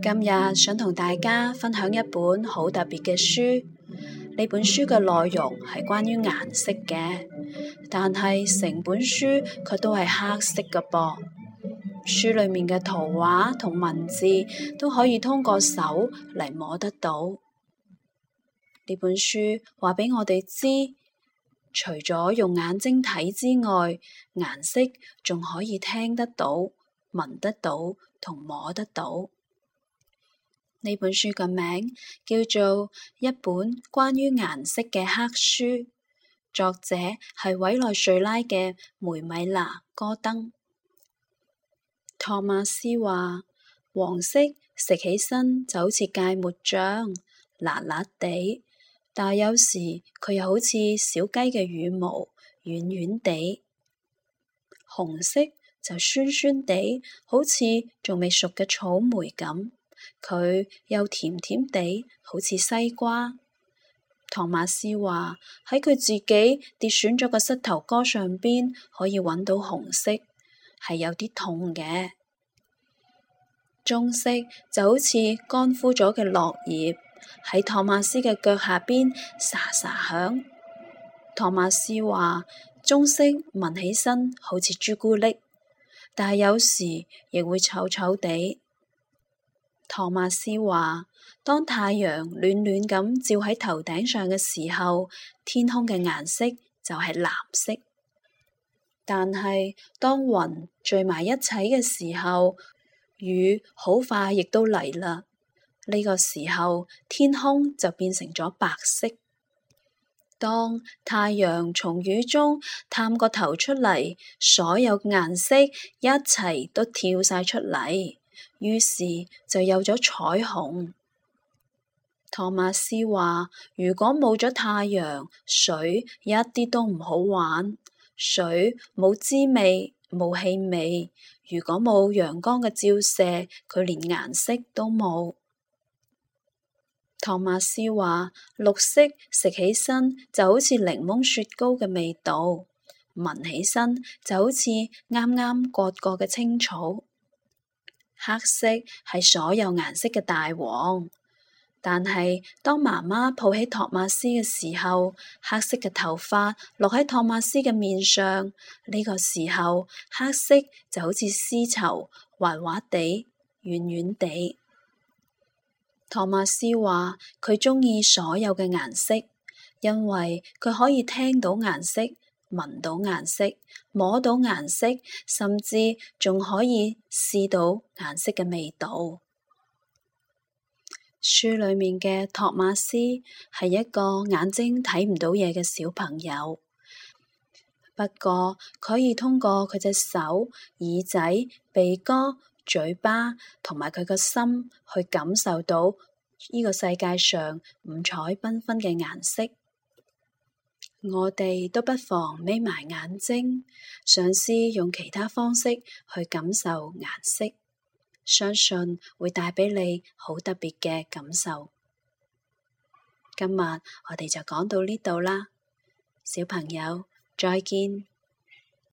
今日想同大家分享一本好特別嘅書。呢本書嘅內容係關於顏色嘅，但係成本書佢都係黑色㗎噃。書裏面嘅圖畫同文字都可以通過手嚟摸得到。呢本書話俾我哋知，除咗用眼睛睇之外，顏色仲可以聽得到、聞得到同摸得到。呢本書嘅名叫做《一本關於顏色嘅黑書》，作者係委內瑞拉嘅梅米娜·戈登。托馬斯話：黃色食起身就好似芥末醬，辣辣地；但有時佢又好似小雞嘅羽毛，軟軟地。紅色就酸酸地，好似仲未熟嘅草莓咁。佢又甜甜地，好似西瓜。托馬斯話喺佢自己跌損咗個膝頭哥上邊，可以揾到紅色，係有啲痛嘅。棕色就好似乾枯咗嘅落葉，喺托馬斯嘅腳下邊沙沙響。托馬斯話棕色聞起身好似朱古力，但係有時亦會臭臭地。托馬斯話：當太陽暖暖咁照喺頭頂上嘅時候，天空嘅顏色就係藍色。但係當雲聚埋一齊嘅時候，雨好快亦都嚟啦。呢個時候，天空就變成咗白色。當太陽從雨中探個頭出嚟，所有顏色一齊都跳晒出嚟。於是就有咗彩虹。托馬斯話：如果冇咗太陽，水一啲都唔好玩，水冇滋味冇氣味。如果冇陽光嘅照射，佢連顏色都冇。托馬斯話：綠色食起身就好似檸檬雪糕嘅味道，聞起身就好似啱啱割過嘅青草。黑色係所有顏色嘅大王，但係當媽媽抱起托馬斯嘅時候，黑色嘅頭髮落喺托馬斯嘅面上，呢、這個時候黑色就好似絲綢，滑滑地，軟軟地。托馬斯話佢鍾意所有嘅顏色，因為佢可以聽到顏色。聞到顏色，摸到顏色，甚至仲可以試到顏色嘅味道。書裏面嘅托馬斯係一個眼睛睇唔到嘢嘅小朋友，不過佢可以通過佢隻手、耳仔、鼻哥、嘴巴同埋佢個心去感受到呢個世界上五彩繽紛嘅顏色。我哋都不妨眯埋眼睛，嘗試用其他方式去感受顏色，相信會帶畀你好特別嘅感受。今晚我哋就講到呢度啦，小朋友再見。